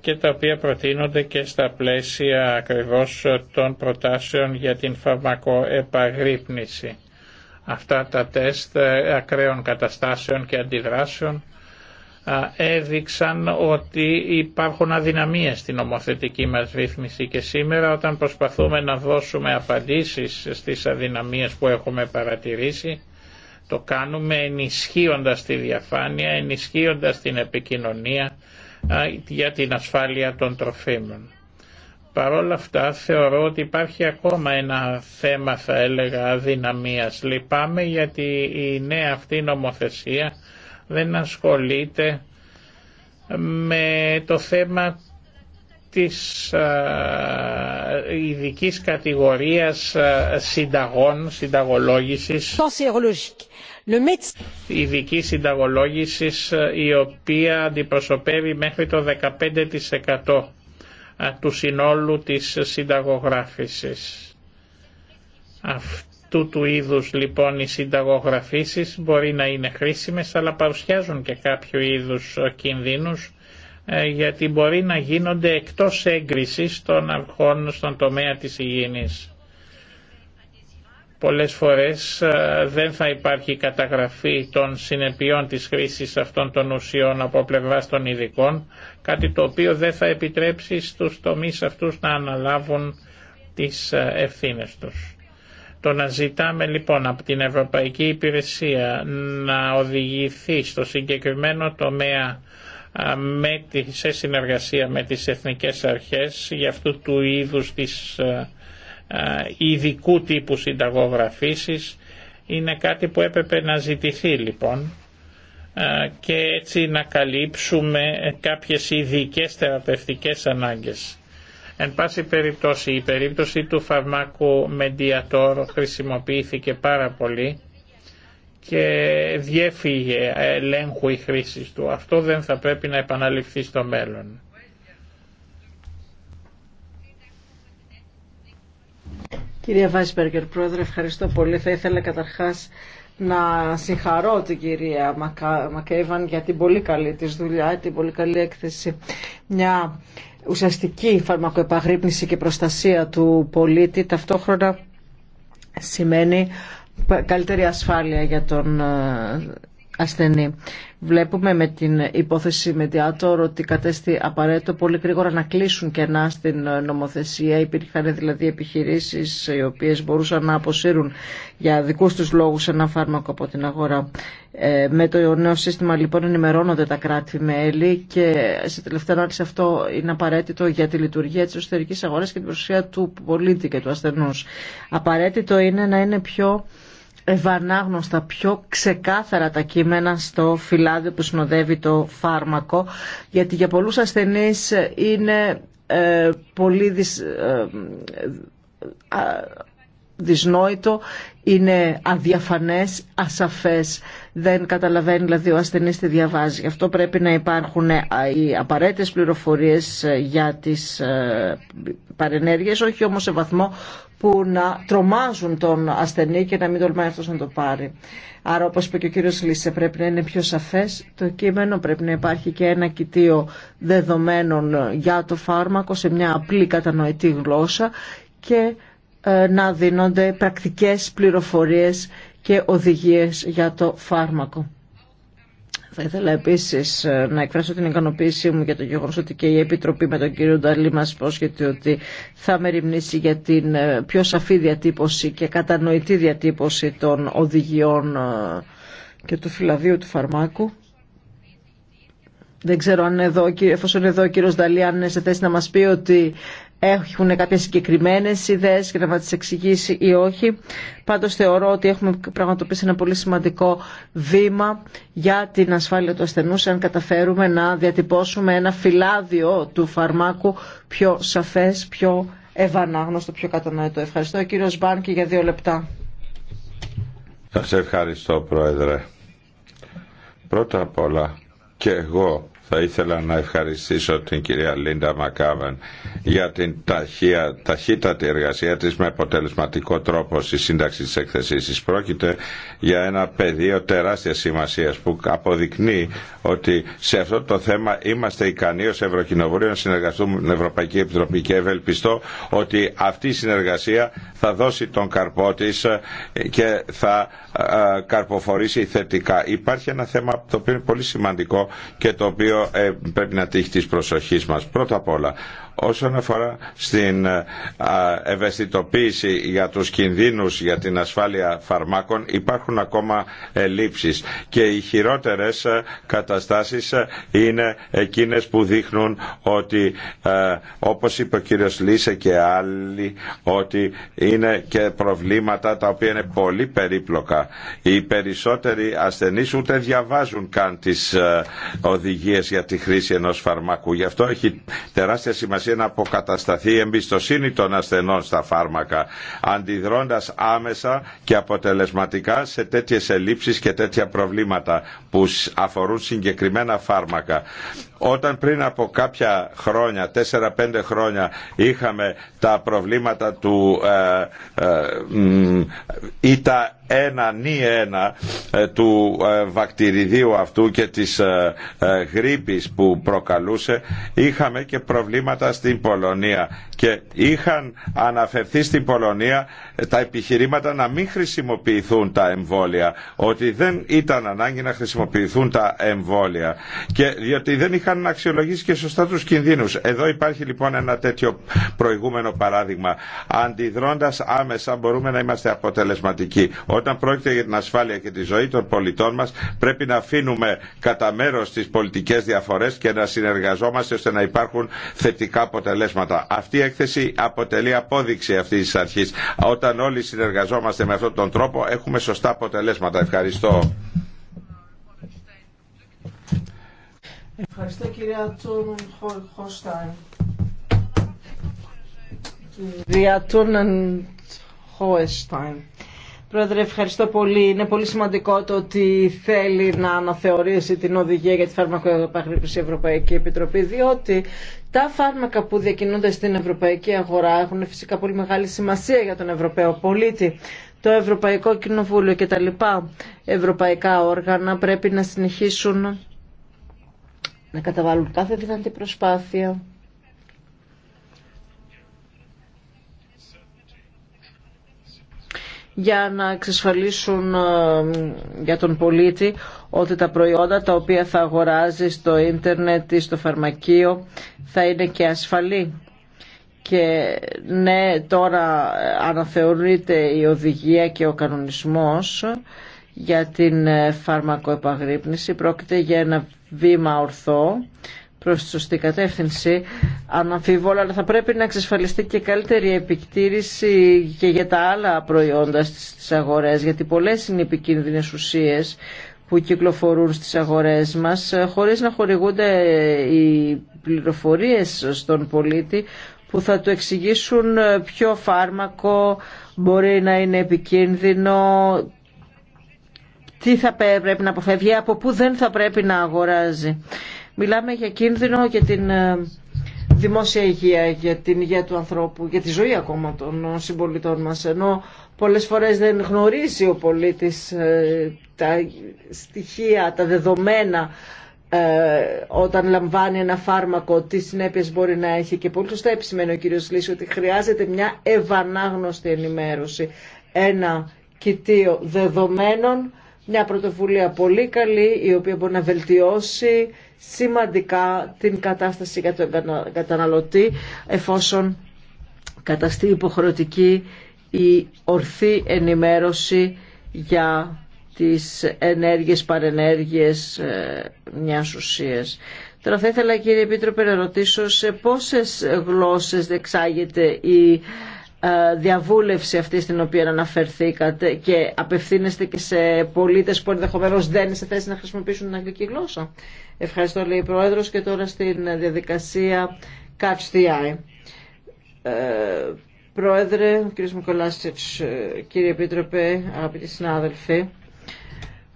και τα οποία προτείνονται και στα πλαίσια ακριβώς των προτάσεων για την φαρμακοεπαγρύπνηση. Αυτά τα τεστ ακραίων καταστάσεων και αντιδράσεων έδειξαν ότι υπάρχουν αδυναμίες στην ομοθετική μας ρύθμιση και σήμερα όταν προσπαθούμε να δώσουμε απαντήσεις στις αδυναμίες που έχουμε παρατηρήσει το κάνουμε ενισχύοντας τη διαφάνεια, ενισχύοντας την επικοινωνία για την ασφάλεια των τροφίμων. Παρ' όλα αυτά θεωρώ ότι υπάρχει ακόμα ένα θέμα θα έλεγα αδυναμίας. Λυπάμαι γιατί η νέα αυτή νομοθεσία δεν ασχολείται με το θέμα της ειδική κατηγορίας συνταγών, συνταγολόγησης, ειδική συνταγολόγησης η οποία αντιπροσωπεύει μέχρι το 15% του συνόλου της συνταγογράφησης αυτού του είδους λοιπόν οι συνταγογραφήσεις μπορεί να είναι χρήσιμες αλλά παρουσιάζουν και κάποιο είδους ε, κινδύνους ε, γιατί μπορεί να γίνονται εκτός έγκρισης των αρχών στον τομέα της υγιεινής. Πολλές φορές ε, δεν θα υπάρχει καταγραφή των συνεπειών της χρήσης αυτών των ουσιών από πλευρά των ειδικών, κάτι το οποίο δεν θα επιτρέψει στους τομείς αυτούς να αναλάβουν τις ευθύνες τους. Το να ζητάμε λοιπόν από την Ευρωπαϊκή Υπηρεσία να οδηγηθεί στο συγκεκριμένο τομέα με τη, σε συνεργασία με τις εθνικές αρχές για αυτού του είδους της ειδικού τύπου συνταγογραφήσεις είναι κάτι που έπρεπε να ζητηθεί λοιπόν και έτσι να καλύψουμε κάποιες ειδικές θεραπευτικές ανάγκες. Εν πάση περιπτώσει η περίπτωση του φαρμάκου Μεντιατόρ χρησιμοποιήθηκε πάρα πολύ και διέφυγε ελέγχου η χρήση του. Αυτό δεν θα πρέπει να επαναληφθεί στο μέλλον. Κυρία Βάισμπεργκερ, Πρόεδρε, ευχαριστώ πολύ. Θα ήθελα καταρχάς να συγχαρώ την κυρία Μακέιβαν για την πολύ καλή της δουλειά, την πολύ καλή έκθεση. Μια ουσιαστική φαρμακοεπαγρύπνηση και προστασία του πολίτη ταυτόχρονα σημαίνει καλύτερη ασφάλεια για τον ε, ασθενή. Βλέπουμε με την υπόθεση Μεντιάτορ ότι κατέστη απαραίτητο πολύ γρήγορα να κλείσουν κενά στην νομοθεσία. Υπήρχαν δηλαδή επιχειρήσεις οι οποίες μπορούσαν να αποσύρουν για δικούς τους λόγους ένα φάρμακο από την αγορά. Ε, με το νέο σύστημα λοιπόν ενημερώνονται τα κράτη-μέλη και σε τελευταία ανάλυση αυτό είναι απαραίτητο για τη λειτουργία της εσωτερικής αγοράς και την προσοχή του πολίτη και του ασθενούς. Απαραίτητο είναι να είναι πιο ευανάγνωστα πιο ξεκάθαρα τα κείμενα στο φυλάδιο που συνοδεύει το φάρμακο γιατί για πολλούς ασθενείς είναι ε, πολύ δυσ... Ε, ε, δυσνόητο, είναι αδιαφανές, ασαφές, δεν καταλαβαίνει δηλαδή ο ασθενής τη διαβάζει. Γι' αυτό πρέπει να υπάρχουν ε, οι απαραίτητες πληροφορίες ε, για τις ε, παρενέργειες, όχι όμως σε βαθμό που να τρομάζουν τον ασθενή και να μην τολμάει αυτός να το πάρει. Άρα όπως είπε και ο κύριος Λίσε, πρέπει να είναι πιο σαφές το κείμενο, πρέπει να υπάρχει και ένα κοιτίο δεδομένων για το φάρμακο σε μια απλή κατανοητή γλώσσα και ε, να δίνονται πρακτικές πληροφορίες και οδηγίες για το φάρμακο. Θα ήθελα επίση ε, να εκφράσω την ικανοποίησή μου για το γεγονός ότι και η Επιτροπή με τον κύριο Νταλή μα πρόσχεται ότι θα μεριμνήσει για την ε, πιο σαφή διατύπωση και κατανοητή διατύπωση των οδηγιών και του φυλαδίου του φαρμάκου. Δεν ξέρω αν εδώ, εφόσον εδώ ο κύριος Νταλή, αν είναι σε θέση να μας πει ότι έχουν κάποιες συγκεκριμένες ιδέες και να μας τις εξηγήσει ή όχι. Πάντως θεωρώ ότι έχουμε πραγματοποιήσει ένα πολύ σημαντικό βήμα για την ασφάλεια του ασθενούς, αν καταφέρουμε να διατυπώσουμε ένα φυλάδιο του φαρμάκου πιο σαφές, πιο ευανάγνωστο, πιο κατανοητό. Ευχαριστώ κύριο Μπάνκι για δύο λεπτά. Σας ευχαριστώ Πρόεδρε. Πρώτα απ' όλα και εγώ θα ήθελα να ευχαριστήσω την κυρία Λίντα Μακάβεν για την ταχεία, ταχύτατη εργασία της με αποτελεσματικό τρόπο στη σύνταξη της εκθεσής της. Πρόκειται για ένα πεδίο τεράστιας σημασίας που αποδεικνύει ότι σε αυτό το θέμα είμαστε ικανοί ως Ευρωκοινοβούλιο να συνεργαστούμε με την Ευρωπαϊκή Επιτροπή και ευελπιστώ ότι αυτή η συνεργασία θα δώσει τον καρπό της και θα καρποφορήσει θετικά. Υπάρχει ένα θέμα το οποίο είναι πολύ σημαντικό και το οποίο ε, πρέπει να τύχει της προσοχής μας. Πρώτα απ' όλα, όσον αφορά στην ε, ευαισθητοποίηση για τους κινδύνους για την ασφάλεια φαρμάκων υπάρχουν ακόμα ελλείψεις και οι χειρότερες ε, καταστάσεις είναι εκείνες που δείχνουν ότι όπως είπε ο κύριος Λίσε και άλλοι ότι είναι και προβλήματα τα οποία είναι πολύ περίπλοκα. Οι περισσότεροι ασθενείς ούτε διαβάζουν καν τις οδηγίες για τη χρήση ενός φαρμάκου. Γι' αυτό έχει τεράστια σημασία να αποκατασταθεί η εμπιστοσύνη των ασθενών στα φάρμακα, αντιδρώντας άμεσα και αποτελεσματικά σε τέτοιες ελλείψεις και τέτοια προβλήματα που αφορούν συγκεκριμένα φάρμακα. Όταν πριν από κάποια χρόνια, 4-5 χρόνια, είχαμε τα προβλήματα του ΙΤΑ ε, ε, 1 νι ε, του βακτηριδίου αυτού και της γρήπης που προκαλούσε είχαμε και προβλήματα στην Πολωνία και είχαν αναφερθεί στην Πολωνία τα επιχειρήματα να μην χρησιμοποιηθούν τα εμβόλια ότι δεν ήταν ανάγκη να χρησιμοποιηθούν τα εμβόλια και διότι δεν είχαν αξιολογήσει και σωστά τους κινδύνους. Εδώ υπάρχει λοιπόν ένα τέτοιο προηγούμενο παράδειγμα. Αντιδρώντας άμεσα μπορούμε να είμαστε αποτελεσματικοί. Όταν πρόκειται για την ασφάλεια και τη ζωή των πολιτών μας πρέπει να αφήνουμε κατά μέρο τις πολιτικές διαφορές και να συνεργαζόμαστε ώστε να υπάρχουν θετικά αποτελέσματα. Αυτή η έκθεση αποτελεί απόδειξη αυτής της αρχής. Όταν όλοι συνεργαζόμαστε με αυτόν τον τρόπο έχουμε σωστά αποτελέσματα. Ευχαριστώ. Ευχαριστώ κυρία κυρία Τούρνεν-Χόεσταϊν. Κυρία Πρόεδρε, ευχαριστώ πολύ. Είναι πολύ σημαντικό το ότι θέλει να αναθεωρήσει την οδηγία για τη φαρμακοεπαγρύπνηση Ευρωπαϊκή Επιτροπή, διότι τα φάρμακα που διακινούνται στην ευρωπαϊκή αγορά έχουν φυσικά πολύ μεγάλη σημασία για τον Ευρωπαίο πολίτη. Το Ευρωπαϊκό Κοινοβούλιο και τα λοιπά ευρωπαϊκά όργανα πρέπει να συνεχίσουν να καταβάλουν κάθε δυνατή προσπάθεια για να εξασφαλίσουν ε, για τον πολίτη ότι τα προϊόντα τα οποία θα αγοράζει στο ίντερνετ ή στο φαρμακείο θα είναι και ασφαλή. Και ναι, τώρα αναθεωρείται η οδηγία και ο κανονισμός για την φαρμακοεπαγρύπνηση. Πρόκειται για ένα βήμα ορθό προς τη σωστή κατεύθυνση αναμφιβόλα, αλλά θα πρέπει να εξασφαλιστεί και καλύτερη επικτήρηση και για τα άλλα προϊόντα στις αγορές, γιατί πολλές είναι οι επικίνδυνες ουσίες που κυκλοφορούν στις αγορές μας, ε, χωρίς να χορηγούνται ε, οι πληροφορίες στον πολίτη που θα του εξηγήσουν ε, ποιο φάρμακο μπορεί να είναι επικίνδυνο, τι θα πρέπει να αποφεύγει, από πού δεν θα πρέπει να αγοράζει. Μιλάμε για κίνδυνο για την ε, δημόσια υγεία, για την υγεία του ανθρώπου, για τη ζωή ακόμα των ε, συμπολιτών μας, ενώ πολλές φορές δεν γνωρίζει ο πολίτης ε, τα στοιχεία, τα δεδομένα όταν λαμβάνει ένα φάρμακο, τι συνέπειες μπορεί να έχει. Και πολύ σωστά επισημαίνει ο κύριος Λύση ότι χρειάζεται μια ευανάγνωστη ενημέρωση, ένα κοιτίο δεδομένων μια πρωτοβουλία πολύ καλή, η οποία μπορεί να βελτιώσει σημαντικά την κατάσταση για τον καταναλωτή, εφόσον καταστεί υποχρεωτική η ορθή ενημέρωση για τις ενέργειες παρενέργειες ε, μιας ουσίας. Τώρα θα ήθελα κύριε Επίτροπε να ρωτήσω σε πόσες γλώσσες δεξάγεται η ε, διαβούλευση αυτή στην οποία αναφερθήκατε και απευθύνεστε και σε πολίτες που ενδεχομένω δεν είναι σε θέση να χρησιμοποιήσουν την αγγλική γλώσσα. Ευχαριστώ λέει η Πρόεδρος και τώρα στην διαδικασία Catch the Eye. Ε, Πρόεδρε, κύριε Μικολάσιτ, ε, κύριε Επίτροπε, αγαπητοί συνάδελφοι,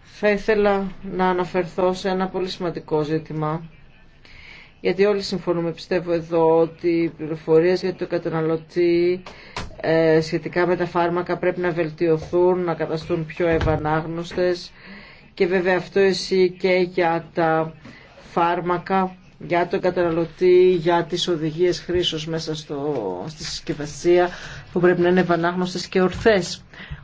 θα ήθελα να αναφερθώ σε ένα πολύ σημαντικό ζήτημα γιατί όλοι συμφωνούμε πιστεύω εδώ ότι οι πληροφορίες για το καταναλωτή ε, σχετικά με τα φάρμακα πρέπει να βελτιωθούν, να καταστούν πιο ευανάγνωστες και βέβαια αυτό εσύ και για τα φάρμακα για τον καταναλωτή, για τις οδηγίες χρήσεως μέσα στο, στη συσκευασία που πρέπει να είναι επανάγνωστες και ορθές.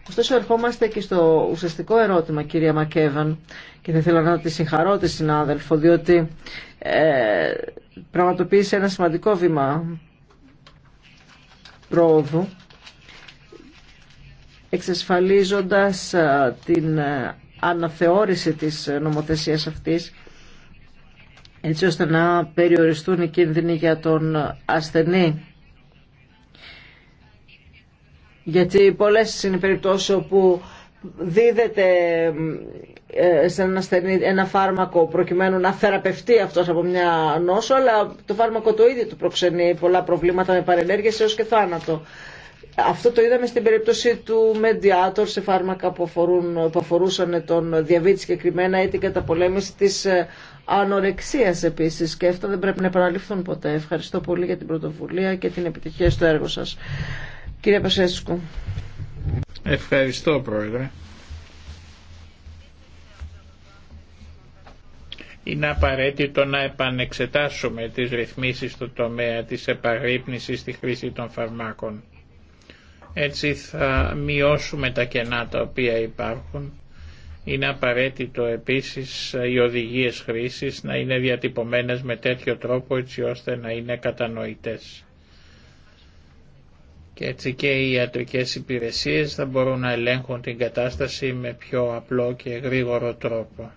Ωστόσο ερχόμαστε και στο ουσιαστικό ερώτημα κυρία Μακέβαν και θα ήθελα να τη συγχαρώ τη συνάδελφο διότι ε, πραγματοποίησε ένα σημαντικό βήμα πρόοδου εξασφαλίζοντας ε, την ε, αναθεώρηση της νομοθεσίας αυτής έτσι ώστε να περιοριστούν οι κίνδυνοι για τον ασθενή. Γιατί πολλές είναι περιπτώσεις όπου δίδεται ε, σε έναν ασθενή ένα φάρμακο προκειμένου να θεραπευτεί αυτός από μια νόσο, αλλά το φάρμακο το ίδιο του προξενεί πολλά προβλήματα με παρενέργειες έως και θάνατο. Αυτό το είδαμε στην περίπτωση του Mediator σε φάρμακα που, αφορούσαν τον διαβήτη συγκεκριμένα ή την καταπολέμηση της ε, ανορεξίας επίσης και αυτά δεν πρέπει να επαναληφθούν ποτέ. Ευχαριστώ πολύ για την πρωτοβουλία και την επιτυχία στο έργο σας. Κύριε Πασέσκου. Ευχαριστώ Πρόεδρε. Είναι απαραίτητο να επανεξετάσουμε τις ρυθμίσεις του τομέα της επαγρύπνησης στη χρήση των φαρμάκων. Έτσι θα μειώσουμε τα κενά τα οποία υπάρχουν. Είναι απαραίτητο επίσης οι οδηγίες χρήσης να είναι διατυπωμένες με τέτοιο τρόπο έτσι ώστε να είναι κατανοητές. Και έτσι και οι ιατρικές υπηρεσίες θα μπορούν να ελέγχουν την κατάσταση με πιο απλό και γρήγορο τρόπο.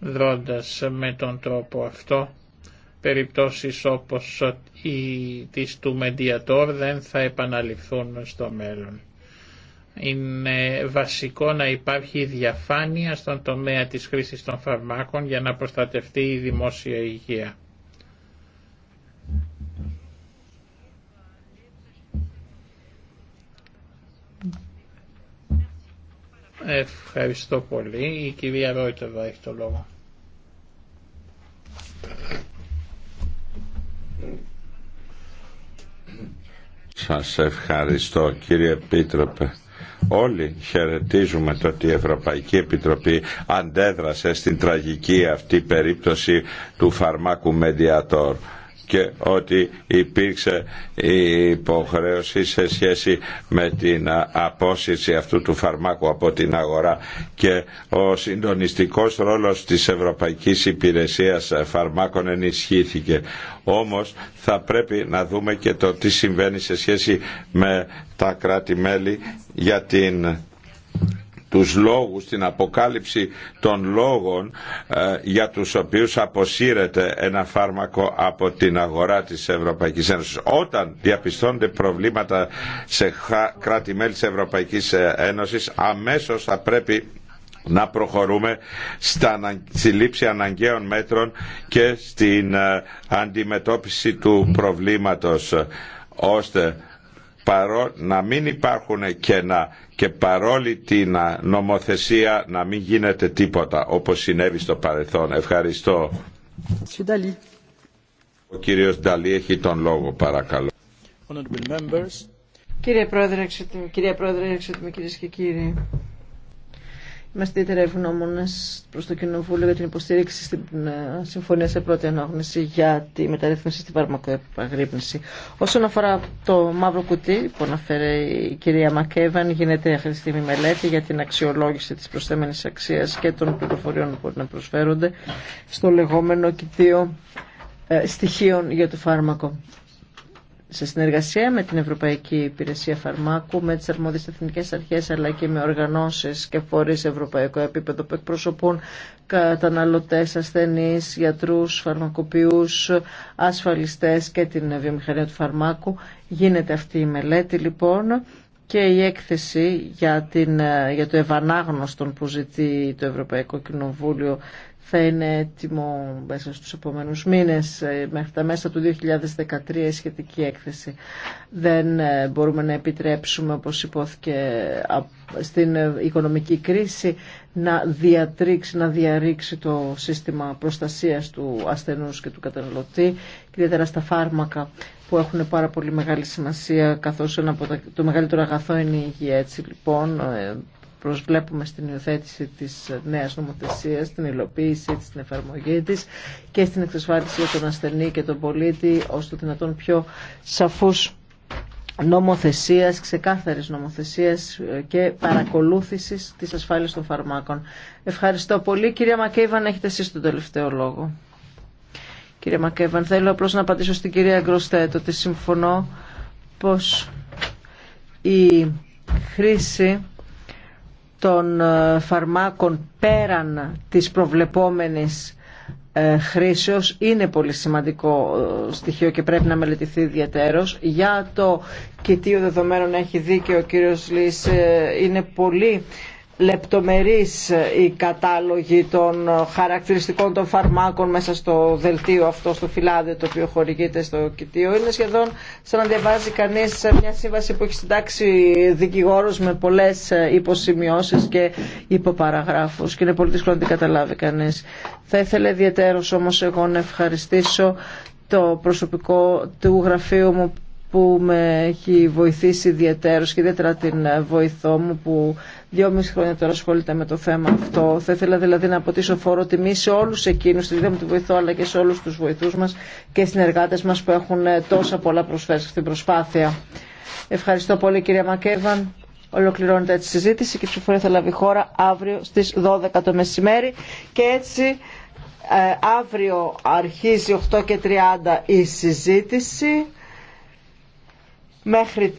Δρώντας με τον τρόπο αυτό περιπτώσεις όπως η της του Μεντιατόρ δεν θα επαναληφθούν στο μέλλον. Είναι βασικό να υπάρχει διαφάνεια στον τομέα της χρήσης των φαρμάκων για να προστατευτεί η δημόσια υγεία. Ευχαριστώ πολύ. Η κυρία Ρόιτεβα έχει το λόγο. Σας ευχαριστώ κύριε Επίτροπε. Όλοι χαιρετίζουμε το ότι η Ευρωπαϊκή Επιτροπή αντέδρασε στην τραγική αυτή περίπτωση του φαρμάκου Mediator και ότι υπήρξε η υποχρέωση σε σχέση με την απόσυρση αυτού του φαρμάκου από την αγορά και ο συντονιστικός ρόλος της Ευρωπαϊκής Υπηρεσίας Φαρμάκων ενισχύθηκε. Όμως θα πρέπει να δούμε και το τι συμβαίνει σε σχέση με τα κράτη-μέλη για την τους λόγους, την αποκάλυψη των λόγων ε, για τους οποίους αποσύρεται ένα φάρμακο από την αγορά της Ευρωπαϊκής Ένωσης. Όταν διαπιστώνται προβλήματα σε κράτη-μέλη της Ευρωπαϊκής ε, Ένωσης, αμέσως θα πρέπει να προχωρούμε στη λήψη αναγκαίων μέτρων και στην ε, αντιμετώπιση του προβλήματος ώστε παρό, να μην υπάρχουν κενά και παρόλη την νομοθεσία να μην γίνεται τίποτα όπως συνέβη στο παρελθόν. Ευχαριστώ. Ο κύριος Νταλή έχει τον λόγο παρακαλώ. Κύριε Πρόεδρε, κύριε Πρόεδρε, και κύριοι. Με ιδιαίτερα ευγνώμονε προ το Κοινοβούλιο για την υποστήριξη στην ε, συμφωνία σε πρώτη ανάγνωση για τη μεταρρύθμιση στην φαρμακοεπαγρύπνηση. Όσον αφορά το μαύρο κουτί που αναφέρει η κυρία Μακέβαν, γίνεται αυτή τη μελέτη για την αξιολόγηση τη προσθέμενη αξία και των πληροφοριών που μπορεί να προσφέρονται στο λεγόμενο κοιτίο ε, στοιχείων για το φάρμακο σε συνεργασία με την Ευρωπαϊκή Υπηρεσία Φαρμάκου, με τις αρμόδιες εθνικές αρχές αλλά και με οργανώσεις και φορείς σε ευρωπαϊκό επίπεδο που εκπροσωπούν καταναλωτές, ασθενείς, γιατρούς, φαρμακοποιούς, ασφαλιστές και την βιομηχανία του φαρμάκου. Γίνεται αυτή η μελέτη λοιπόν και η έκθεση για, την, για το ευανάγνωστον που ζητεί το Ευρωπαϊκό Κοινοβούλιο θα είναι έτοιμο μέσα στους επόμενους μήνες, ε, μέχρι τα μέσα του 2013 η σχετική έκθεση. Δεν ε, μπορούμε να επιτρέψουμε, όπως υπόθηκε στην ε, οικονομική κρίση, να διατρίξει, να διαρρήξει το σύστημα προστασίας του ασθενούς και του καταναλωτή, ιδιαίτερα στα φάρμακα που έχουν πάρα πολύ μεγάλη σημασία, καθώς ένα από το μεγαλύτερο αγαθό είναι η υγεία. Έτσι λοιπόν, προσβλέπουμε στην υιοθέτηση της νέας νομοθεσίας, στην υλοποίησή της, στην εφαρμογή της και στην εξασφάλιση για τον ασθενή και τον πολίτη ως το δυνατόν πιο σαφούς νομοθεσίας, ξεκάθαρης νομοθεσίας και παρακολούθησης της ασφάλειας των φαρμάκων. Ευχαριστώ πολύ. Κυρία Μακέιβαν, έχετε εσείς τον τελευταίο λόγο. Κύριε Μακέβαν, θέλω απλώς να απαντήσω στην κυρία Γκροστέτ ότι συμφωνώ πως η χρήση των ε, φαρμάκων πέραν της προβλεπόμενης ε, χρήσεως είναι πολύ σημαντικό ε, στοιχείο και πρέπει να μελετηθεί ιδιαίτερος. Για το κοιτίο δεδομένων έχει δίκαιο ο κύριος Λύς, είναι πολύ λεπτομερείς η ε, κατάλογη των ε, χαρακτηριστικών των φαρμάκων μέσα στο δελτίο αυτό, στο φυλάδιο το οποίο χορηγείται στο κοιτίο. Είναι σχεδόν σαν να διαβάζει κανείς ε, μια σύμβαση που έχει συντάξει δικηγόρος με πολλές υποσημειώσεις και υποπαραγράφους και είναι πολύ δύσκολο να την καταλάβει κανείς. Θα ήθελα ιδιαίτερος όμως εγώ να ευχαριστήσω το προσωπικό του γραφείου μου που με έχει βοηθήσει ιδιαίτερος και ιδιαίτερα την βοηθό μου που δυόμιση χρόνια τώρα ασχολείται με το θέμα αυτό. Θα ήθελα δηλαδή να αποτίσω φόρο τιμή σε όλους εκείνους, τη μου τη βοηθό αλλά και σε όλους τους βοηθούς μας και συνεργάτες μας που έχουν ε, τόσα πολλά προσφέρει στην προσπάθεια. Ευχαριστώ πολύ κυρία Μακέβαν. Ολοκληρώνεται έτσι η συζήτηση και η ψηφοφορία θα λάβει χώρα αύριο στις 12 το μεσημέρι και έτσι ε, αύριο αρχίζει 8.30 η συζήτηση μέχρι